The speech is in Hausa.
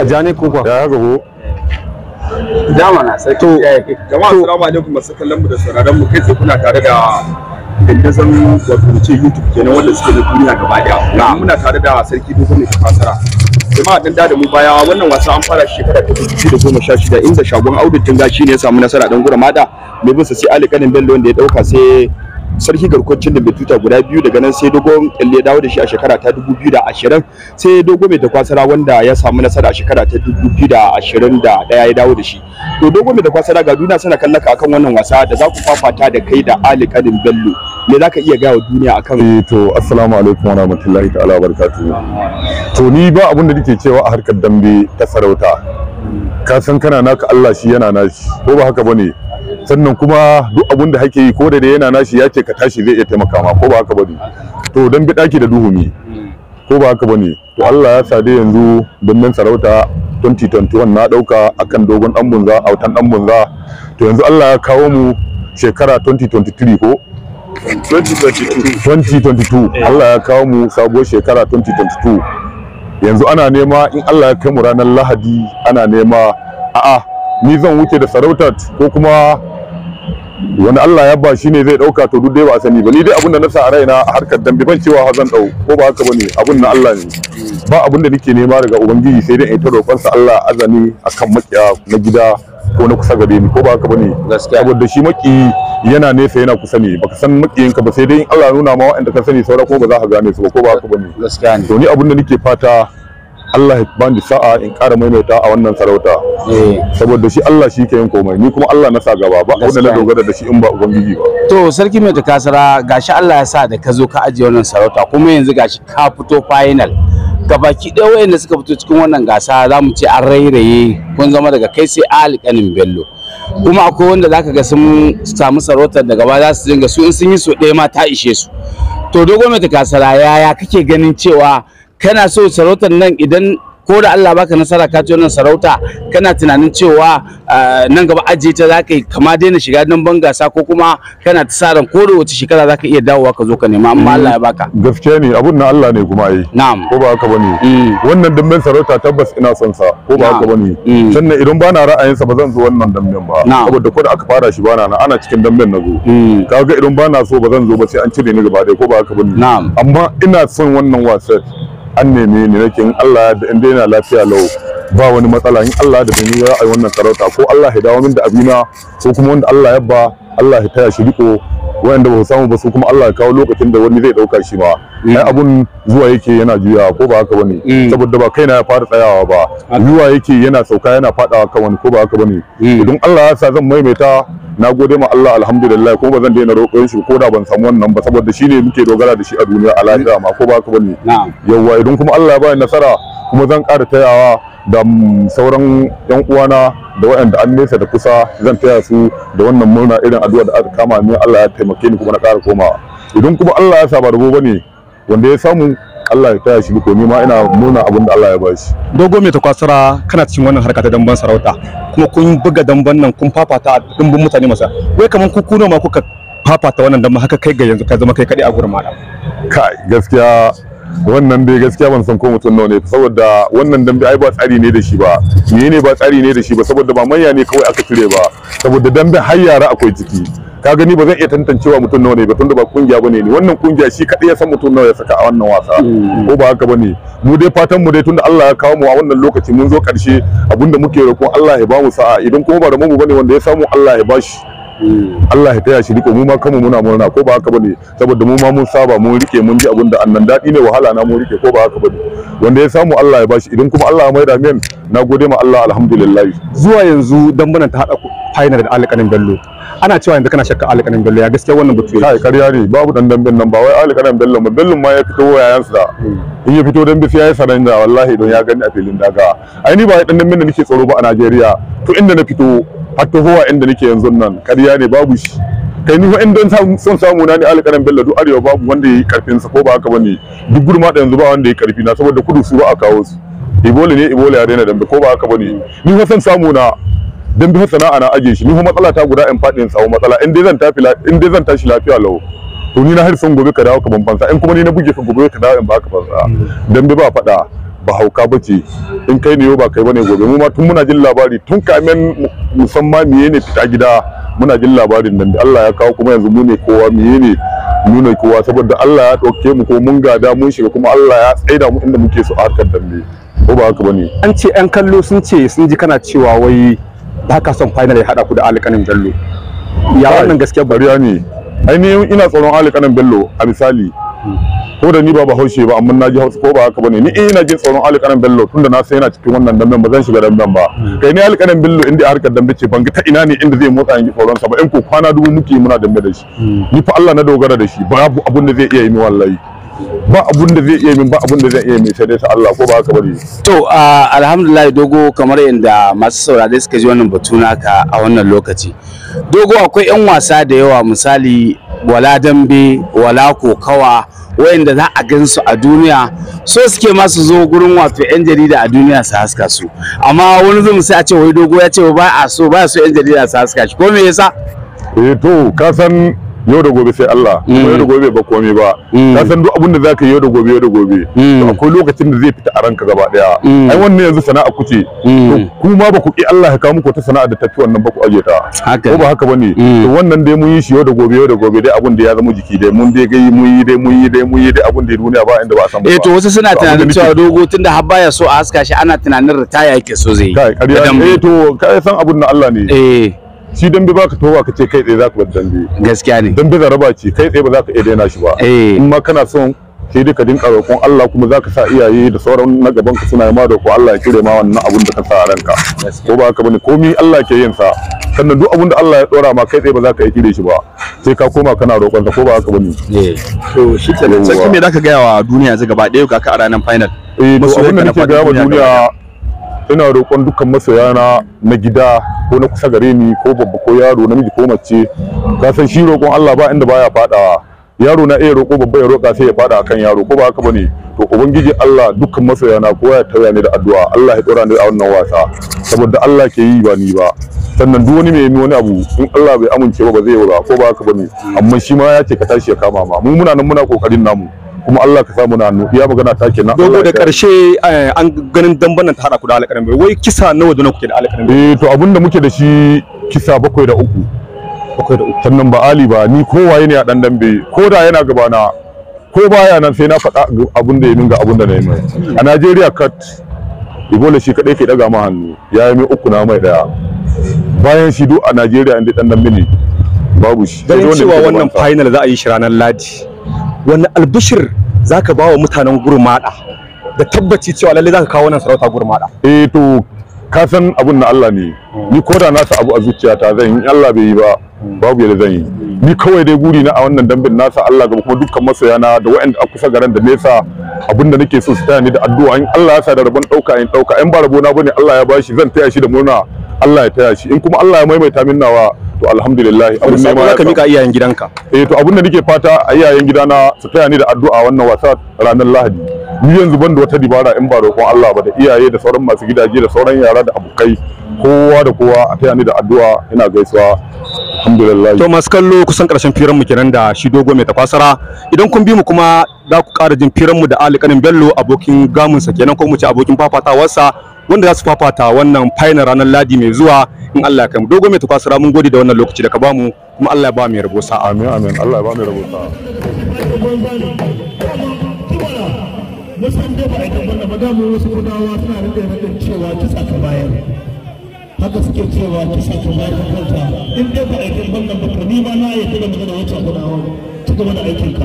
a jane ko kwa ya gabo jamana sarki jama'a assalamu alaikum masu kallon mu da sauraron mu kai kuna tare da dandazon wato ce youtube kenan wanda suke da duniya gaba daya na muna tare da sarki dogon mai fasara jama'a dan da mu baya wannan wasa an fara shekara ta 2016 inda shagon audit tunga ne ya samu nasara dan gura mada mai bin sa sai Ali Kanin Bello wanda ya dauka sai sarki garkwancin da mai tuta guda biyu daga nan sai dogon ya dawo da shi a shekara ta dubu biyu da ashirin, sai dogo mai dakwasara wanda ya samu nasara a shekara ta dubu biyu da da ashirin ɗaya, ya dawo da shi to dogo mai dakwasara ga duniya suna kallaka akan wannan wasa da za ku fafata da kai da Ali Kadin Bello me za ka iya gaya wa duniya akan Eh to assalamu alaikum wa rahmatullahi ta'ala wa barakatuhu to ni ba abin da nake cewa a harkar dambe ta sarauta ka san kana naka Allah shi yana nashi ko ba haka bane sannan kuma duk abun da hake yi ko da yana nashi ya ce ka tashi zai iya taimaka ma ko ba haka bane to dan bi daki da duhumi ko ba haka bane to Allah ya sade yanzu nan sarauta 2021 na dauka akan dogon dan bunza autan dan bunza to yanzu Allah ya kawo mu shekara 2023 ko 2022 2022 Allah ya kawo mu sabuwar shekara 2022 yanzu ana nema in Allah ya kai mu ranar Lahadi ana nema a'a ni zan wuce da sarautar ko kuma wani Allah ya ba shi ne zai dauka to duk dai ba a sani ba ni dai abinda na sa a raina a harkar dambe ban cewa zan dau ko ba haka bane abin na Allah ne ba abinda nake nema daga ubangiji sai dai in ta roƙon sa Allah azani akan makiya na gida ko na kusa gare ni ko ba haka bane saboda shi maki yana nesa yana kusa ne baka san ka ba sai dai in Allah nuna ma wa'anda ka sani saura ko ba za ka gane su ba ko ba haka bane gaskiya ne to ni abinda nake fata Allah ya bani sa'a in ƙara maimaita a wannan sarauta eh. saboda shi Allah shi ke yin komai ni kuma Allah na sa gaba ba wanda na dogara da shi in ba ubangiji ba to sarki mai takasara gashi Allah ya sa da ka zo ka ajiye wannan sarauta kuma yanzu gashi ka fito final baki ɗaya wayanda suka fito cikin wannan gasa za mu ce an rairaye kun zama daga kai sai Ali kanin bello kuma akwai wanda zaka ga sun samu sarautar daga ba za su dinga su in sun yi so ɗaya ma ta ishe su to dogo mai takasara yaya kake ganin cewa kana so sarautar nan idan ko da Allah baka nasara ka ci wannan sarauta kana tunanin cewa nan gaba ajiye ta zaka yi kama daina shiga nan ban gasa ko kuma kana tsaran ko da wace shekara zaka iya dawowa ka zo ka nema amma Allah ya mm. baka gaskiya ne abun nan Allah ne kuma yi na'am ko ba haka bane mm. wannan dambin sarauta tabbas ina son sa ko ba haka bane mm. sannan idan ba na ra'ayin sa ba zan zo wannan dambin ba saboda ko da aka fara shi bana na ana cikin dambin na zo kaga idan ba na so ba zan zo ba sai an cire ni gaba dai ko ba haka bane amma ina son wannan wasa. an neme ni nake in Allah da inda daina lafiya lau ba wani matsala in Allah da ni ya wannan sarauta ko Allah ya dawo min da abina ko kuma wanda Allah ya ba Allah ya taya shi riko wanda ba samu ba su kuma Allah ya kawo lokacin da wani zai dauka shi ma mm. ai abun zuwa yake yana juya ko ba haka bane mm. saboda ba kaina ya fara tsayawa ba zuwa yake yana sauka yana fadawa kan wani ko ba haka bane mm. idan Allah ya sa zan maimaita na gode ma Allah alhamdulillah ko ba zan daina roƙon shi ko da ban samu wannan ba saboda shine muke dogara da shi a duniya a lahira ma ko ba ka bane yawa idan kuma Allah ya bani nasara kuma zan ƙara tayawa da mm, sauran yan uwana da waɗanda an nesa da kusa zan taya su da wannan murna irin addu'a da aka kama ni Allah ya taimake ni kuma na ƙara komawa idan kuma Allah ya sa ba gobe ne wanda ya samu Allah ya taya shi ko ni ma ina nuna abin da Allah ya bashi dogo mai takwasara kana cikin wannan harka ta damban sarauta kuma kun buga damban nan kun fafata dimbin mutane masa wai kaman ku kuno ma kuka fafata wannan damban haka kai ga yanzu ka zama kai kadai a gurin malam kai gaskiya wannan dai gaskiya ban san ko mutum nawa ne saboda wannan dambe ai ba tsari ne da shi ba menene ba tsari ne da shi ba saboda ba manya ne kawai aka cire ba saboda dambe har yara akwai ciki ka gani ba zan iya tantancewa mutum nawa ne ba tunda ba kungiya bane ne wannan kungiya shi kadai ya san mutum nawa ya saka a wannan wasa mm. ko ba haka bane mu dai fatan mu dai tunda Allah ya kawo mu a wannan lokaci mun zo karshe abinda muke roƙo Allah ya ba mu sa'a idan kuma ba da mu bane wanda ya samu Allah ya bashi Allah ya taya shi riko mu ma kanmu muna murna ko ba haka bane saboda mu ma mun saba mun rike mun ji abin da annan daɗi ne wahala na mun rike ko ba haka bane wanda ya samu Allah ya bashi idan kuma Allah ya maida min na gode ma Allah alhamdulillah zuwa yanzu dan bana ta hada final da alƙalin Bello ana cewa yanzu kana shakka alƙalin Bello ya gaskiya wannan batu kai kariya ne babu dan dan nan ba wai alƙalin Bello ma Bello ma ya fito yayan sa in ya fito dambe sai ya da wallahi don ya gani a filin daga ai ni ba dan damben da nake tsoro ba a Najeriya to inda na fito har wa inda nake yanzu nan ƙarya ne babu shi kai ni wa'in don son samu na ne alƙaran bello duk arewa babu wanda ya yi karfin sa ko ba haka bane duk gurma da yanzu ba wanda ya yi karfi na saboda kudu su ba a kawo su ibole ne ibole ya daina dambe ko ba haka bane ni fa son samu na dambe fa sana'a na aje shi ni fa matsala ta guda in faɗin tsawo matsala in dai zan tafi in dai zan tashi lafiya lau to ni na har son gobe ka dawo ka ban in kuma ni na buge ka gobe ka dawo in ba ka fansa dambe ba faɗa ba hauka bace in kai ne yau ba kai bane gobe mu ma tun muna jin labari tun kamen musamman ne fita gida muna jin labarin nan da Allah ya kawo kuma yanzu mu ne kowa menene nuna kowa saboda Allah ya ɗauke mu ko mun gada mun shiga kuma Allah ya tsaida mu inda muke so a harkar dambe ko ba haka bane an ce yan kallo sun ce sun ji kana cewa wai ba ka son final ya hada ku da alƙanin bello ya wannan gaskiya bariya ne ainihin ina tsoron alƙanin bello a misali ko da ni ba bahaushe ba amma naji hausa ko ba haka bane ni ina jin tsoron alƙaran bello tunda na sai ina cikin wannan damben ba zan shiga damben ba kai ni alƙaran bello inda harkar dambe ce ban ga ta ina ne inda zai motsa yanki tsoron sa ba in ko kwana dubu muke muna dambe da shi hmm. ni fa Allah na dogara da shi babu abun da zai iya yi wallahi ba abun da zai iya min ba abun da zai iya min sai dai sa Allah ko ba haka bane to alhamdulillah dogo kamar yanda masu saurare suka ji wannan batu naka a wannan lokaci dogo akwai yan wasa da yawa misali wala dambe wala kokawa wayanda za a gan su a duniya so suke masu zo gurin wato yan jarida a duniya su haska su amma wani zumu sai a ce wai dogo ya ce ba a so ba so yan jarida su haska shi ko me yasa eh to ka san yau da gobe sai Allah kuma yau da mm. gobe ba komai ba mm. ka san duk abin da zaka yi yau da gobe yau da gobe to mm. akwai lokacin da zai fita a ranka gaba daya ai wannan yanzu sana'a kuce to kuma ba ku ki Allah ya kawo muku ta sana'a da tafi wannan ba ku aje ta ko ba haka bane to wannan dai mun yi shi yau da gobe yau da gobe dai abin da ya zama jiki dai mun dai gai mun yi dai mun yi dai mun yi dai abin da duniya ba inda ba a san ba eh to wasu suna tunanin cewa dogo tunda har baya so a haska shi ana tunanin ritaya yake so zai yi eh to kai san abin da Allah ne eh shi dambe baka towa ka ce kai tsaye zaka bar dambe gaskiya ne dambe raba ce kai tsaye ba zaka iya daina shi ba eh. in ma kana son sai duka ka dinka roƙon Allah kuma zaka sa iyaye da sauran na gaban ka suna ma roƙo Allah ya kire ma wannan abun da ka sa a ranka ko ba ka bane komi Allah ke yin sa sannan duk abun da Allah ya dora ma kai tsaye ba zaka iya kire shi ba sai ka koma kana roƙon sa ko ba ka bane eh to shi kenan sai me zaka ga wa duniya zai gaba ɗaya ka a ranar final eh to abin da nake ga wa duniya ina roƙon dukkan masoya na na gida ko na kusa gare ni ko babba ko yaro namiji ko mace ka san shi roƙon Allah ba inda baya fadawa yaro na iya roƙo babba ya roƙa sai ya fada akan yaro ko ba haka bane to ubangiji Allah dukkan na ko ya tauya ni da addu'a Allah ya dora ni a wannan wasa saboda Allah ke yi ba ni ba sannan duk wani mai yi wani abu in Allah bai amince ba ba zai yi ba ko ba haka bane amma shi ma ya ce ka tashi ya kama ma mu muna nan muna kokarin namu kuma Allah ka samu na hannu ya magana ta kenan dogo da karshe eh, an ganin damban nan ta hada ku da alƙaran bai wai kisa nawa da kuke da alƙaran bai eh to abinda muke da shi kisa bakwai da uku bakwai da uku sannan ba ali ba ni kowaye ne a dan dambe ko da yana gaba na ko baya nan sai na faɗa abin da ya min ga abin da na yi mai a Najeriya kat Ibola shi kadai ke daga ma hannu ya yi mai uku na mai daya bayan shi duk a Najeriya inda dan dambe ne babu shi ganin cewa wannan final za a yi shi ranar Ladi wani albishir za ka ba wa mutanen gurmada da tabbaci cewa lalle ka kawo wannan sarauta gurmada eh to ka san abun na Allah ne ni ko da na sa abu a zuciyata zan yi Allah bai yi ba babu yadda zan yi ni kawai dai buri na a wannan dambin nasa Allah ga kuma dukkan na, da waɗanda a kusa garan da nesa abun da nake so su taya ni da addu'a in Allah ya sa da rabon ɗauka in ɗauka in ba rabona bane Allah ya bashi zan taya shi da murna Allah ya taya shi in kuma Allah ya maimaita min nawa to alhamdulillah abun ne ma ka mika iyayen gidanka eh to abun da nake fata a iyayen gidana su taya ni da addu'a wannan wasa ranar Lahadi ni yanzu ban da wata dibara in ba roƙon Allah ba da iyaye da sauran masu gidaje da sauran yara da abokai kowa da kowa a taya ni da addu'a ina gaisuwa alhamdulillah to masu kallo kusan karshen firan mu kenan da shi dogo mai tafasara idan kun bi mu kuma za ku ƙara jin firan mu da Kanin Bello abokin gamunsa kenan ko mu ce abokin fafatawarsa wanda za su fafata wannan final ranar Ladi mai zuwa in Allah ya kai mu dogo mai sura mun gode da wannan lokaci da ka bamu kuma Allah ya ba mu rabo sa amin amin Allah ya ba mu rabo sa musan da ci gaba da aikin ka